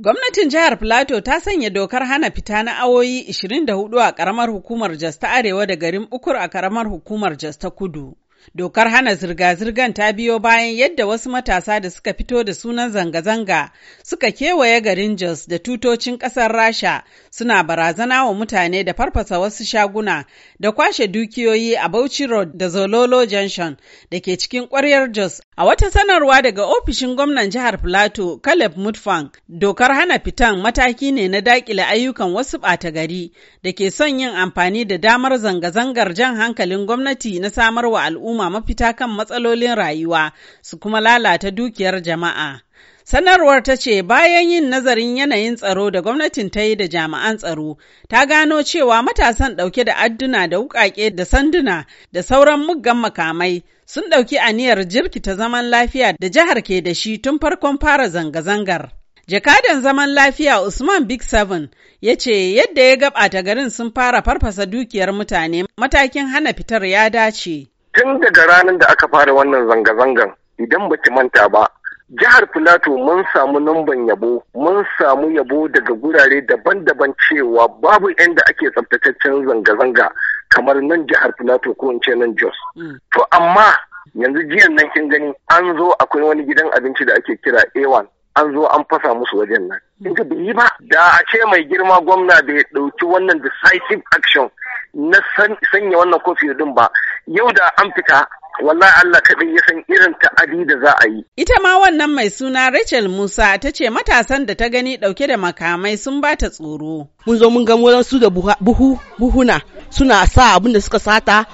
Gwamnatin jihar Filato ta sanya dokar hana fita na awoyi 24 a karamar hukumar Jos ta Arewa da garin Ukur a karamar hukumar Jos ta Kudu. Dokar hana zirga zirgan ta biyo bayan yadda wasu matasa da suka fito da sunan zanga-zanga suka kewaye garin Jos da tutocin ƙasar Rasha suna barazana wa mutane da farfasa wasu shaguna da kwashe dukiyoyi a Bauchi Road da Zololo Junction da ke cikin ƙwaryar Jos. A wata sanarwa daga ofishin gwamnan jihar Filato, Caleb Mutfang, dokar hana fitan mataki ne na daƙile ayyukan wasu ɓata gari da ke son yin amfani da damar zanga-zangar jan hankalin gwamnati na samarwa al'umma al'umma mafita kan matsalolin rayuwa su kuma lalata dukiyar jama'a. Sanarwar ta ce bayan yin nazarin yanayin tsaro da gwamnatin ta yi da jami'an tsaro, ta gano cewa matasan ɗauke da adduna da wukake da sanduna da sauran muggan makamai sun ɗauki aniyar jirkita zaman lafiya da jihar ke da shi tun farkon fara zanga-zangar. Jakadan zaman lafiya Usman Big Seven ya ce yadda ya gabata garin sun fara farfasa dukiyar mutane matakin hana fitar ya dace. tun daga ranar da aka fara wannan zanga-zangan idan ba ki manta ba jihar Filato mun samu numban yabo mun samu yabo daga gurare daban-daban cewa babu inda ake tsabtataccen zanga-zanga kamar nan jihar Filato ko in ce nan Jos. Mm. To amma yanzu jiyan nan kin gani an zo akwai wani gidan abinci da ake kira A1 an zo an fasa musu wajen nan. In ka bi ba da a ce mai girma gwamna bai ɗauki wannan decisive action na sanya wannan kofi din ba yau da an fita wallahi Allah kaɗai ya san irin ta'adi da za a yi. Ita ma wannan mai suna Rachel Musa ta ce matasan da ta gani ɗauke da makamai sun ba ta tsoro. Mun zo mun ga su da buhu buhuna suna sa abin da suka sata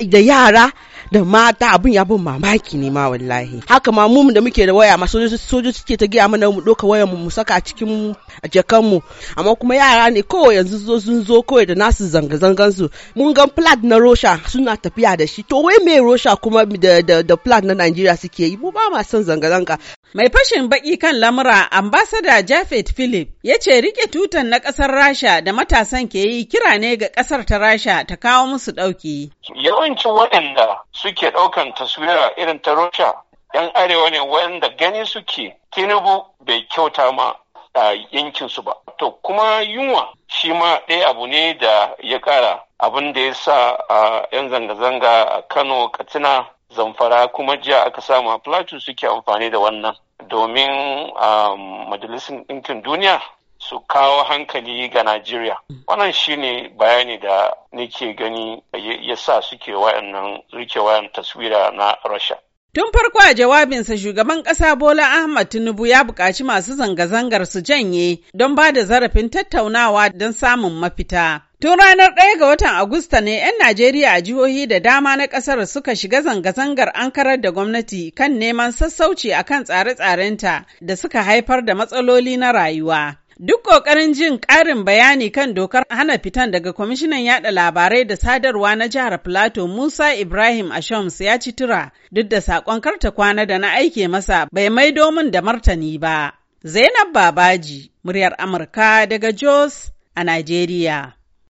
da yara da mata abin ya bin mamaki ne ma wallahi haka ma mu da muke da waya ma sojoji suke ta gaya mana mu ɗauka wayar mu saka a cikin jakan mu amma kuma yara ne kowa yanzu zo sun zo kowa da nasu zanga-zangan su mun gan plat na rosha suna tafiya da shi to wai me rosha kuma da da, na Najeriya suke yi mu ba ma son zanga-zanga Mai fashin baki kan lamura ambasada Jafet Philip ya ce rike tutan na ƙasar Rasha da matasan ke yi kira ne ga ƙasar ta Rasha ta kawo musu ɗauki. Yawancin waɗanda suke ɗaukan taswira irin ta Rasha ‘yan arewa ne wanda gani suke Tinubu bai kyauta ma a yankinsu ba. To kuma yunwa shi ma ɗaya abu ne da ya ƙara abin da ya sa a ‘yan zanga-zanga a Kano, Katsina zamfara kuma jiya aka samu a plateau suke amfani da wannan domin um, majalisun ɗinkin duniya su kawo hankali ga Najeriya. Wannan shine bayani da nake gani ya sa suke wayannan rike wayan taswira na Rasha. Tun farko a jawabinsa shugaban ƙasa Bola Ahmad Tinubu ya buƙaci masu zanga-zangar su janye don ba da zarafin tattaunawa don samun mafita. Tun ranar ɗaya ga watan Agusta ne 'yan Najeriya a jihohi da dama na ƙasar suka shiga zanga-zangar ankarar da gwamnati kan neman sassauci a kan tsare-tsarenta da suka haifar da matsaloli na rayuwa. Duk ƙoƙarin jin ƙarin bayani kan dokar hana fitan daga kwamishinan yaɗa labarai da sadarwa na jihar Filato Musa Ibrahim Ashams ya ci tura duk da saƙon karta kwana da na aike masa bai maido min da martani ba. Zainab Babaji, muryar Amurka daga Jos a Najeriya.